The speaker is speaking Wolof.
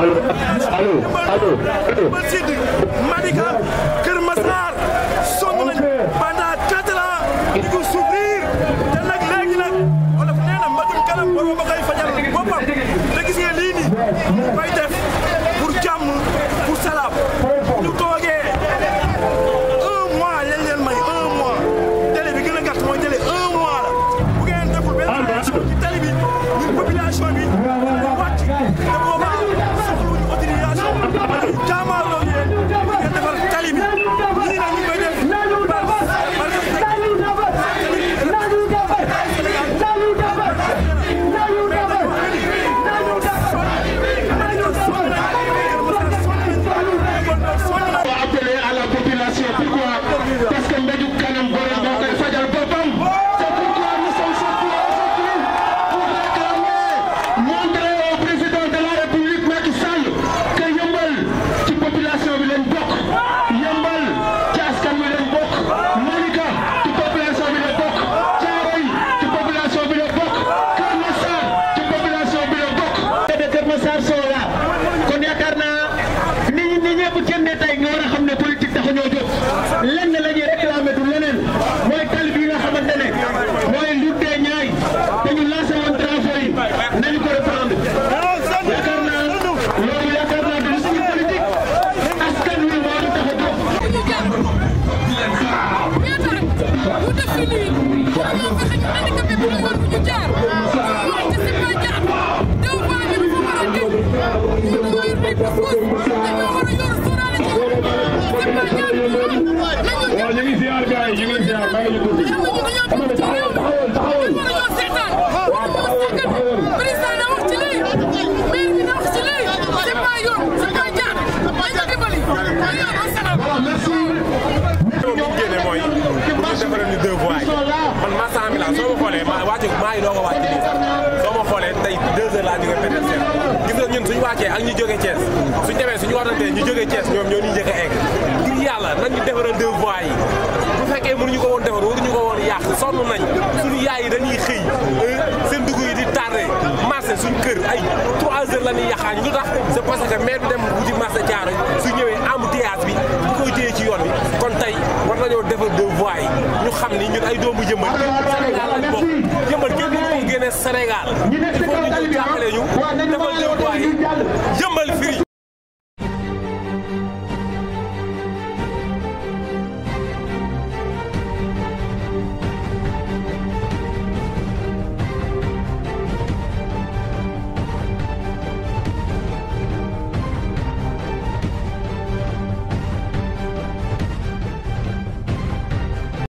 allo allo allo allo. Malika Kër Massar sonn nañu pendant quatre ans di ko souffrir. Thank you. xoolee ma wàcce maa ngi doog a wàcc nii sax soo ma xoolee tey deux heures laa jógee pétersen gis nga ñun suñu wàccee ak ñu jógee Thiès suñ demee suñu warantee a egg ñu defaral deux voies yi ko woon defar nañ suñu yaay dañuy xëy euh, seen dugg yi di tardé marché suñ kër ay trois heures la ñuy yàqaan ñu tax c'est parce que maire bi dem wuti marché Thiaroye su ñëwee embouteillage bi bu koy téye ci yoon bi kon tey war nañoo defar deux voies yi ñu xam ni ñun ay doomu jëmbal Seattle.